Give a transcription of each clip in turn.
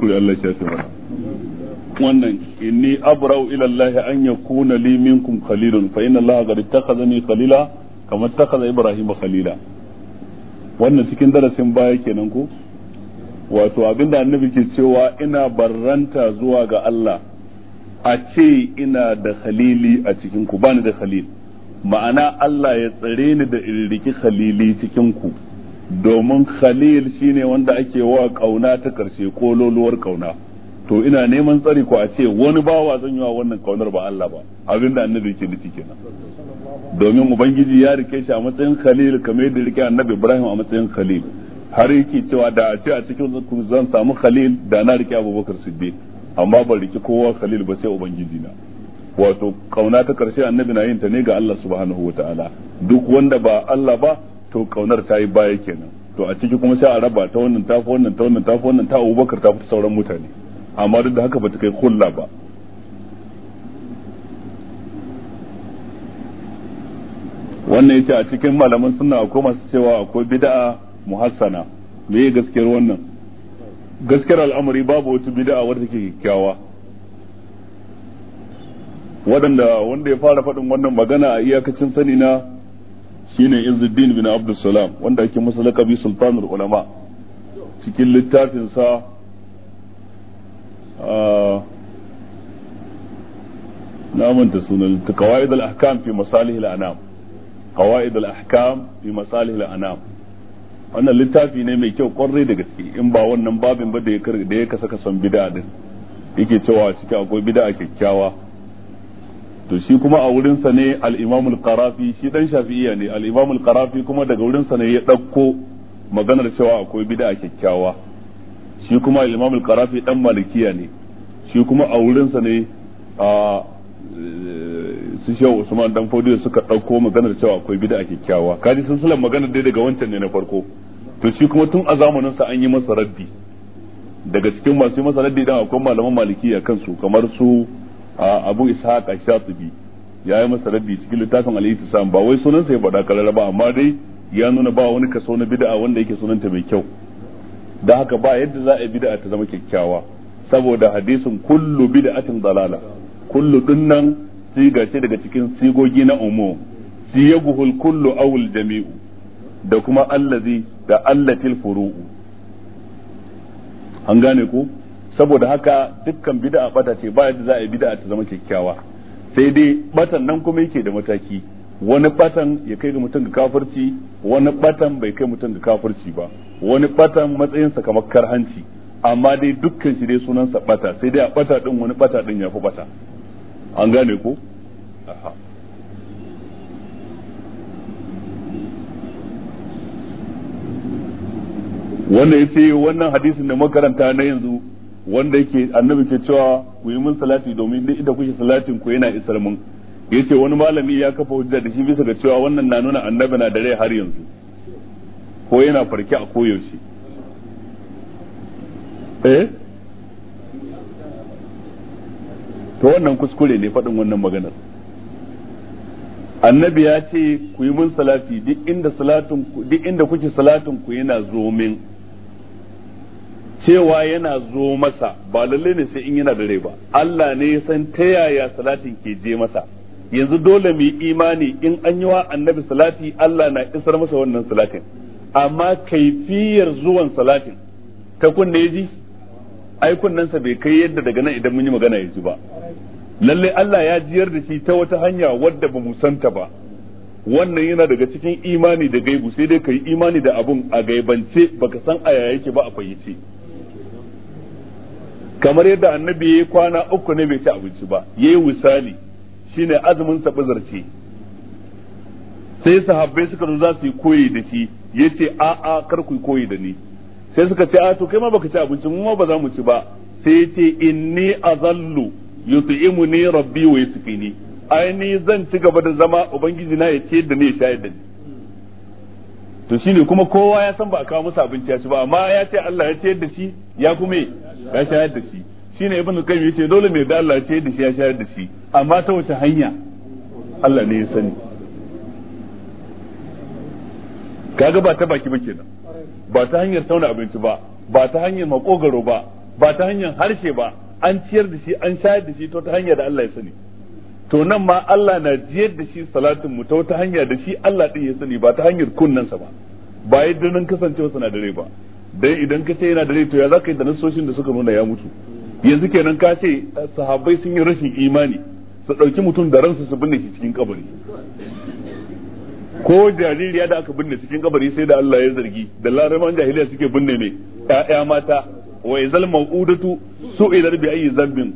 kuskure Allah ya shafe mana wannan inni abra'u ila Allah an yakuna li minkum khalilun fa inna Allah qad ittakhadhani khalila kama ittakhadha Ibrahim khalila wannan cikin darasin baya kenan ko wato abinda annabi ke cewa ina barranta zuwa ga Allah a ce ina da khalili a cikin ku bani da khalil ma'ana Allah ya tsare ni da irriki khalili cikin ku domin khalil shine wanda ake wa kauna ta karshe ko loluwar kauna to ina neman tsari ko a ce wani bawa zan yi wa wannan kaunar ba Allah ba abinda annabi ke nufi kenan domin ubangiji ya rike shi a matsayin khalil kamar yadda rike annabi Ibrahim a matsayin khalil har yake cewa da a ce a cikin zan samu khalil da na rike Abubakar Siddiq amma ban rike kowa khalil ba sai ubangiji na wato kauna ta karshe annabi na yin ta ne ga Allah subhanahu wataala duk wanda ba Allah ba to kaunar ta yi baya kenan to a ciki kuma sai a raba ta wannan ta fi wannan ta wannan ta fi wannan ta abubakar ta fi sauran mutane amma duk da haka bata kai kulla ba wannan yace a cikin malaman suna akwai masu cewa akwai bid'a muhassana me gaskiyar wannan gaskiyar al'amari babu wata bid'a wadda take kyakkyawa waɗanda wanda ya fara faɗin wannan magana a iyakacin sani na shine Izzuddin bin Abdul Salam wanda ake masa laqabi Sultanul Ulama cikin littafin sa na manta sunan Qawaid al-Ahkam fi Masalih al-Anam Qawaid al-Ahkam fi Masalih al-Anam wannan littafi ne mai kyau kwarai da gaske in ba wannan babin ba da ya da ya kasa kasan bid'a din yake cewa cikin akwai bid'a kyakkyawa to shi kuma a sa ne al-Imam al-Qarafi shi dan Shafi'iyya ne al-Imam al-Qarafi kuma daga sa ne ya ɗauko maganar cewa akwai bid'a kyakkyawa shi kuma al-Imam al-Qarafi dan Malikiya ne shi kuma a sa ne a su shehu Usman dan Fodiyo suka ɗauko maganar cewa akwai bid'a kyakkyawa kaji silsilar maganar dai daga wancan ne na farko to shi kuma tun a zamanin sa an yi masa raddi daga cikin masu yi masa raddi dan akwai malaman malikiya kansu kamar su abu ishaqa shatibi ya yi masa rabbi cikin littafin al-ittisam ba wai sunan ya faɗa karara ba amma dai ya nuna ba wani kaso na bid'a wanda yake sunanta mai kyau da haka ba yadda za a yi bid'a ta zama kyakkyawa saboda hadisin kullu bid'atin dalala kullu dinnan siga ce daga cikin sigogi na umu siyaguhul kullu awul jami'u da kuma allazi da allatil furu'u an gane ko saboda haka dukkan bid'a bata ce ba yadda za a yi bid'a ta zama kyakkyawa sai dai batan nan kuma yake da mataki wani batan ya kai ga mutum ga kafirci wani batan bai kai mutum ga kafirci ba wani batan matsayinsa kamar karhanci amma dai dukkan shi dai sunansa bata sai dai a bata din wani bata din ya fi bata an gane ko aha wannan ya wannan hadisin da makaranta na yanzu wanda yake annabi ke cewa ku yi mun salati domin duk inda kuke salatin ku yana isar mun yace wani malami ya kafa hujja da shi bisa ga cewa wannan na nuna annabi na da rai har yanzu ko yana farke a koyaushe eh to wannan kuskure ne faɗin wannan maganar annabi ya ce ku yi mun salati duk inda salatin duk inda kuke salatin ku yana zo min cewa yana zo masa ba lalle ne sai in yana da rai ba Allah ne ya san ta yaya salatin ke je masa yanzu dole mu yi imani in an yi wa annabi salati Allah na isar masa wannan salatin amma kaifiyar zuwan salatin ta kunne ji ai kunnensa bai kai yadda daga nan idan mun yi magana ya ji ba lalle Allah ya jiyar da shi ta wata hanya wadda ba mu santa ba wannan yana daga cikin imani da gaibu sai dai ka imani da abun a gaibance baka san a yaya yake ba a fayyace kamar yadda annabi ya yi kwana uku ne bai ci abinci ba ya yi wisali shine azumin taɓa ce sai sahabbai suka zo za su yi koyi da shi ya ce a'a kar ku koyi da ni sai suka ce a to kai ma baka ci abinci mu ma ba za mu ci ba sai ya ce inni azallu yut'imuni rabbi wa yasqini ai ni zan ci gaba da zama ubangiji na ya ce da ni ya shayar da ni to shine kuma kowa ya san ba a kawo musu abinci ya ci ba amma ya ce Allah ya ciyar da shi ya kuma ya shayar da shi shi ne ibn qayyim yace dole mai da Allah ce da shi ya shayar da shi amma ta wace hanya Allah ne ya sani kaga ba ta baki ba kenan ba ta hanyar tauna abinci ba ba ta hanyar makogaro ba ba ta hanyar harshe ba an ciyar da shi an shayar da shi to ta hanyar da Allah ya sani to nan ma Allah na jiyar da shi salatin mu ta wata hanya da shi Allah din ya sani ba ta hanyar kunnansa ba ba yadda nan kasancewa rai ba dai idan ka ce yana da rai to ya ka yi da nasoshin da suka nuna ya mutu yanzu kenan ka ce eh, sahabbai sun yi rashin imani su ɗauki mutum da ransa su binne shi cikin kabari ko jaririya da aka binne cikin kabari sai da Allah ya zargi da laraman jahiliya suke binne ne ƴaƴa mata wa izal su su'ilar bi ayi zambin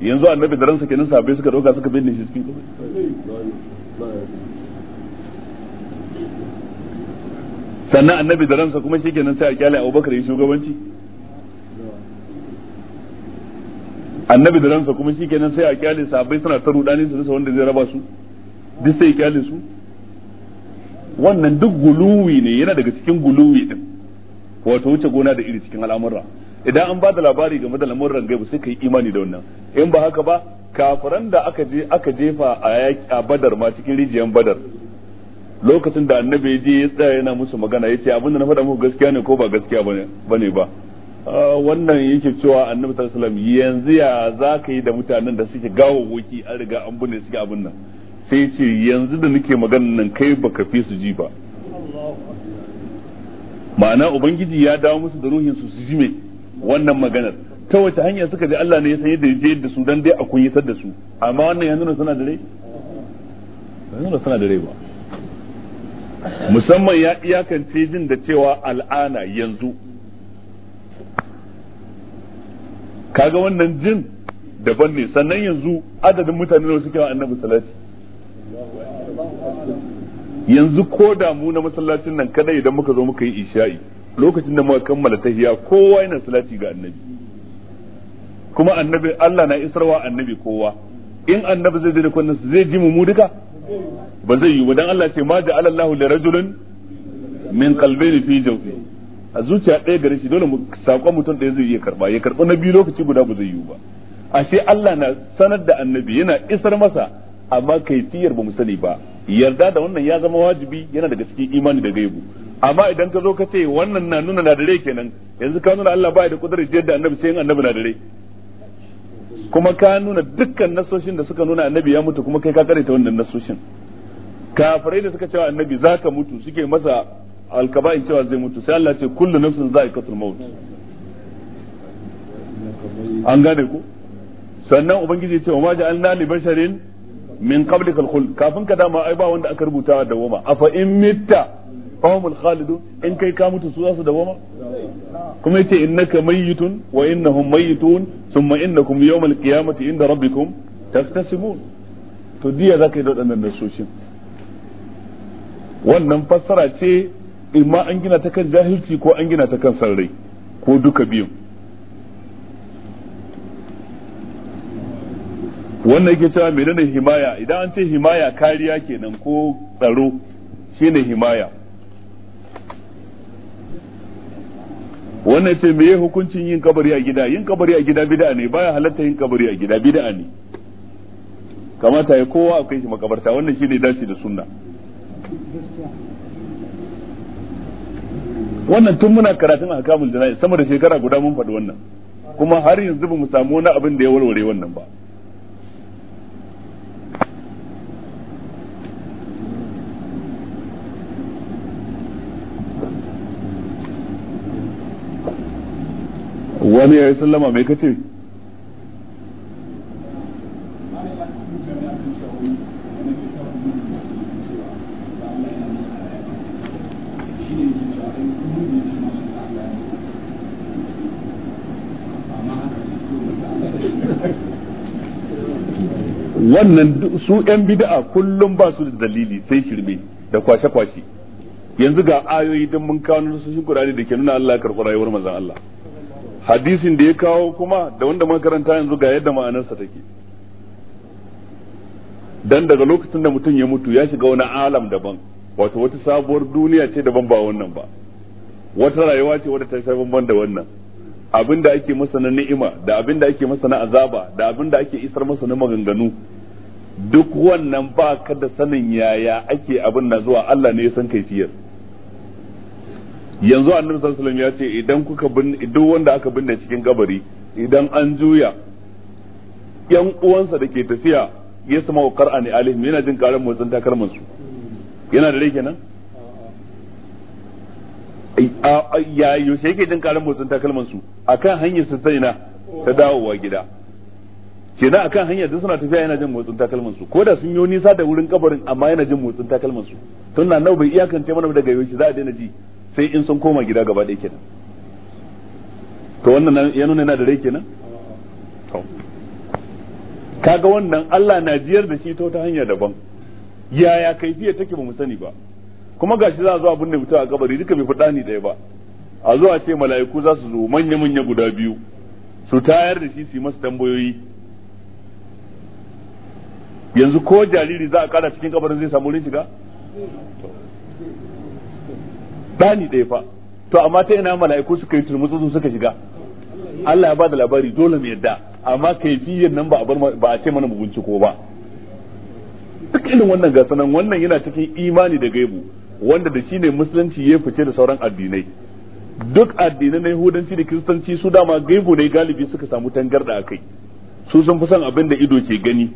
yanzu annabi da ransa kenan sahabbai suka dauka suka binne shi cikin kabari sannan annabi da ransa kuma shi kenan sai a kyale abubakar yi shugabanci annabi da ransa kuma shi kenan sai a kyale sahabbai suna ta rudani su rasa wanda zai raba su duk sai kyale su wannan duk guluwi ne yana daga cikin guluwi din wato wuce gona da iri cikin al'amura idan an ba da labari game da lamuran gaibu sai ka yi imani da wannan in ba haka ba kafiran da aka je aka jefa a badar ma cikin rijiyar badar lokacin da annabi ya je ya tsaya yana musu magana ya ce abinda na faɗa muku gaskiya ne ko ba gaskiya ba ne ba ah, wannan yake cewa annabi sallallahu alaihi wasallam yanzu ya za ka yi da mutanen da suke woki an riga an bune suke abin nan sai ce yanzu da nake magana nan kai ba ka fi su ji ba ma'ana ubangiji ya dawo musu da ruhin su su ji me wannan maganar ta wace hanya suka ji Allah ne ya san yadda ya je da su dan dai a kunyatar da su amma wannan yanzu suna da rai yanzu suna da rai ba musamman ya iyakance jin da cewa al'ana yanzu kaga wannan jin daban ne sannan yanzu adadin mutane da suke wa annabi salati yanzu ko da mu na masallacin nan kadai idan muka zo muka yi isha'i lokacin da muka kammala tahiya kowa yana salati ga annabi kuma annabi Allah na isarwa annabi kowa in annabi zai je da su zai ji mu mu duka ba zai yi ba dan Allah ce ma da Allahu da rajulun min qalbayni fi jaufi a zuciya ɗaya gare shi dole sakon mutum ɗaya zai iya karɓa ya karba na biyu lokaci guda ba zai yi ba ashe Allah na sanar da annabi yana isar masa amma kaifiyar ba mu sani ba yarda da wannan ya zama wajibi yana daga cikin imani da gaibu amma idan ka zo ka ce wannan na nuna na dare kenan yanzu ka nuna Allah ba da kudurar jiyar da annabi sai annabi na dare kuma ka nuna dukkan nasoshin da suka nuna annabi ya mutu kuma kai ka karanta wannan nasoshin kafirai da suka cewa annabi za ka mutu suke masa alkaba'in cewa zai mutu sai Allah ce kullu nafsin za'iqatul maut an gane ku sannan ubangiji ya ce wa ma ja'alna li basharin min qablikal khuld kafin ka dama ai ba wanda aka rubuta da woma afa in mitta fahimul khalidu in kai ka mutu su za su dawoma kuma yace innaka mayyitun wa innahum mayyitun thumma innakum yawmal qiyamati inda rabbikum taftasimun to diya zaka yi da waɗannan nasoshin wannan fassara ce imma an gina ta kan jahilci ko an gina ta kan sarrai ko duka biyun wannan yake cewa menene himaya idan an ce himaya kariya kenan ko tsaro shine himaya wannan ce meye hukuncin yin kabari a gida yin kabari a gida bid'a ne baya halatta yin kabari a gida bid'a ne kamata ya kowa a kai shi makabarta wannan shine dace da sunna wannan tun muna karatun ahkamul jana'i sama da shekara guda mun faɗi wannan kuma har yanzu ba mu samu wani abin da ya warware wannan ba wani ya yi sallama mai kace wannan su 'yan bida'a kullum ba su da dalili sai shirme da kwashe-kwashe yanzu ga ayoyi don mun kawo nasu shi da ke nuna Allah ya karɓi rayuwar manzan Allah hadisin da ya kawo kuma da wanda muka karanta yanzu ga yadda ma'anarsa take dan daga lokacin da mutum ya mutu ya shiga wani alam daban wato wata sabuwar duniya ce daban ba wannan ba wata rayuwa ce wadda ta sha bamban da wannan abin ake masa na ni'ima da abin ake masa na azaba da abin da ake isar masa na maganganu duk wannan ba kada sanin yaya ake abin na zuwa Allah ne ya san kaifiyar yanzu annabi sallallahu alaihi ya ce idan kuka binne duk wanda aka binne cikin kabari idan an juya yan uwansa da ke tafiya ya sama wa qur'ani alihim yana jin karan motsin takalman su yana da rai kenan ya yaushe yake jin karan motsin takalman su akan hanyar su sai na ta dawowa gida kenan akan hanya duk suna tafiya yana jin motsin takalman su ko da sun yi nisa da wurin kabarin amma yana jin motsin takalman su tun na nau bai iyakance mana daga yaushe za a daina ji sai in sun koma gida gaba ɗaya kenan to wannan ya nuna yana da rai kenan to kaga wannan Allah na jiyar da shi ta hanya daban yaya kaifiyar take ba mu sani ba kuma gashi za a zo abin da mutum a kabari duka bai fada ni ɗaya ba a zo a ce mala'iku za su zo manya manya guda biyu su tayar da shi su yi masa tambayoyi yanzu ko jariri za a kada cikin kabarin zai samu rin shiga ɗani ɗaya fa to amma ta ina mala'iku suka yi turmutsu suka shiga Allah ya bada labari dole mu yadda amma biyan nan ba a bar ba a ce mana mu ko ba duk irin wannan ga sanan wannan yana cikin imani da gaibu wanda da shine musulunci ya fice da sauran addinai duk addinai na yahudanci da kiristanci su dama gaibu ne galibi suka samu tangarda a kai su sun fi son abin da ido ke gani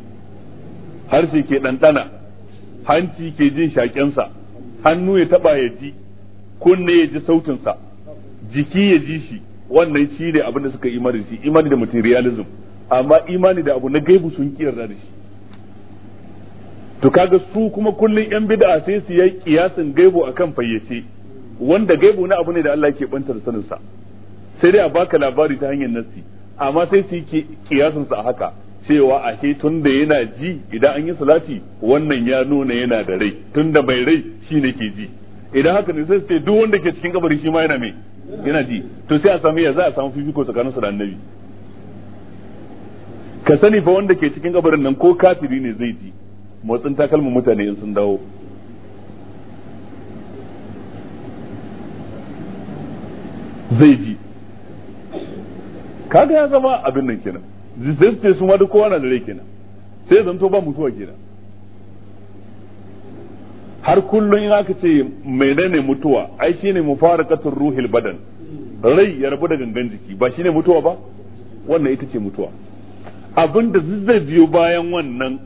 harshe ke ɗanɗana hanci ke jin shakensa hannu ya taba ya ji kunne ya ji sautinsa jiki ya ji shi wannan shi ne abin da suka imani shi imani da materialism amma imani da abu na gaibu sun kiyarda da shi to kaga su kuma kullun yan bid'a sai su yi kiyasin gaibu akan fayyace wanda gaibu na abu ne da Allah ke banta sanin sa sai dai a baka labari ta hanyar nassi amma sai su yi kiyasin sa haka cewa a ke tunda yana ji idan an yi salati wannan ya nuna yana da rai tunda mai rai shine ke ji idan haka ne sai sai ce duk wanda ke cikin kabari shi ma yana me yana ji to sai a samu ya za a samu fifiko tsakanin su da annabi ka sani fa wanda ke cikin kabarin nan ko kafiri ne zai ji motsin takalmin mutane in sun dawo zai ji kaga ya zama abin nan kenan zai su ma duk kowa na da rai kenan sai zanto ba mutuwa kenan har kullum in aka ce menene mutuwa ai shine mufarakatul ruhil badan rai ya rabu da gangan jiki ba shine mutuwa ba wannan ita ce mutuwa abinda zai biyo bayan wannan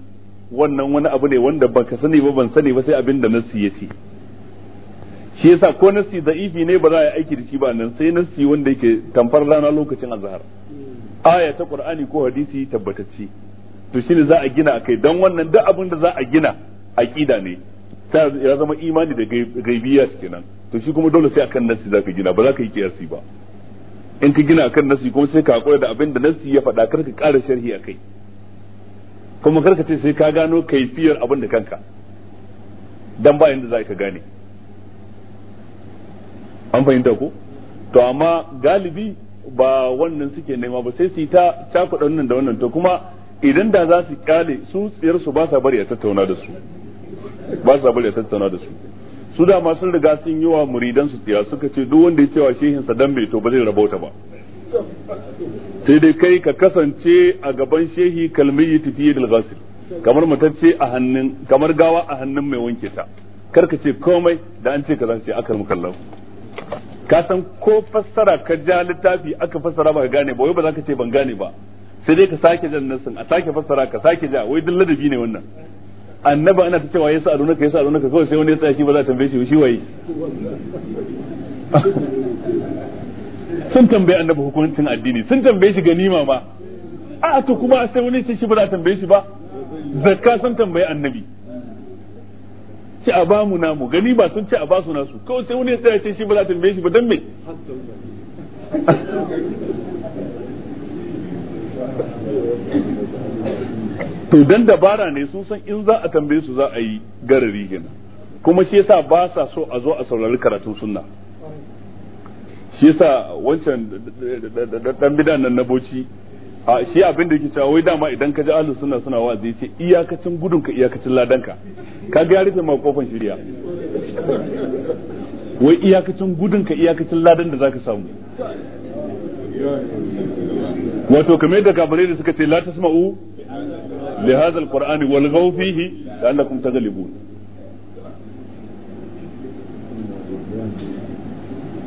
wannan wani abu ne wanda baka sani ba ban sani ba sai abin da nassi ya ce shi yasa ko nassi da'ifi ne ba za a yi aiki da shi ba nan sai nassi wanda yake tamfar rana lokacin azhar aya ta qur'ani ko hadisi tabbatacce to shine za a gina akai dan wannan duk abin da za a gina aqida ne ya zama imani da gaibiya kenan to shi kuma dole sai akan nasi zaka gina ba za ka yi kiyasi ba in ka gina akan nasi kuma sai ka hakura da abin da nasi ya faɗa kar ka ƙara sharhi akai kuma kar ka ce sai ka gano kaifiyar abin da kanka dan ba yanda za ka gane an fahimta ko to amma galibi ba wannan suke nema ba sai su yi ta cakuɗa wannan da wannan to kuma idan da za su kyale su tsiyar su ba sa bari a tattauna da su ba sa bari ya tattauna da su su da ma sun riga sun yi wa muridan su tsiya suka ce duk wanda ya cewa shehin sa dambe to ba zai rabauta ba sai dai kai ka kasance a gaban shehi kalmiyi tafiye da gasil kamar mutacce a hannun kamar gawa a hannun mai wanke ta kar ka ce komai da an ce ka zance ce akar mukallahu ka san ko fassara ka ja littafi aka fassara ba ka gane ba wai ba za ka ce ban gane ba sai dai ka sake jan nassin a sake fassara ka sake ja wai duk ladabi ne wannan annaba ana ta cewa ya sa ka ya sa ka kawai sai wani ya tsaya shi ba za a tambaye shi shi waye sun tambaye annabi hukuncin addini sun tambaye shi ganima ma a to kuma sai wani sai shi ba za a tambaye shi ba zakka sun tambaye annabi ce a bamu namu gani ba sun ce a basu nasu kawai sai wani ya tsaya shi ba za a tambaye shi ba dan me to dan dabara ne sun san in za a tambaye su za a yi garari kenan kuma shi yasa ba sa so a zo a saurari karatun sunna shi yasa wancan dan bidan nan na boci a shi abin da yake cewa wai dama idan ka ji ahlus sunna suna wa'azi yace iyakacin gudun ka iyakacin ladanka ka ga ya rufe ma kofan shirya wai iyakacin gudun ka iyakacin ladan da zaka samu wato kamar yadda kafirai da suka ce la tasma'u لهذا القرآن alqur'ani فيه لأنكم تغلبون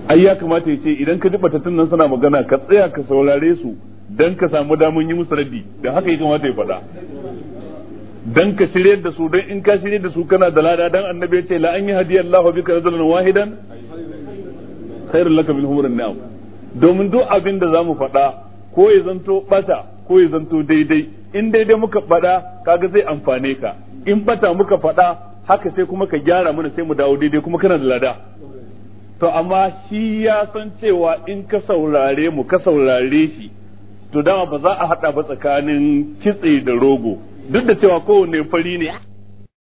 ai ya kamata ya ce idan ka ji batattun nan suna magana ka tsaya ka saurare su dan ka samu damun yi musu raddi da haka ya kamata ya faɗa dan ka shirye da su dan in ka shirye da su kana da lada dan annabi ya ce la an yi hadiyallahu bika rajulan wahidan khairul laka min na'am domin duk abin da mu faɗa ko ya zanto bata ko ya zanto daidai in daidai muka faɗa kaga zai amfane ka in bata muka faɗa haka sai kuma ka gyara mana sai mu dawo daidai kuma kana da lada to amma shi ya san cewa in ka saurare mu ka saurare shi to dama ba za a haɗa ba tsakanin kitse da rogo duk da cewa kowane fari ne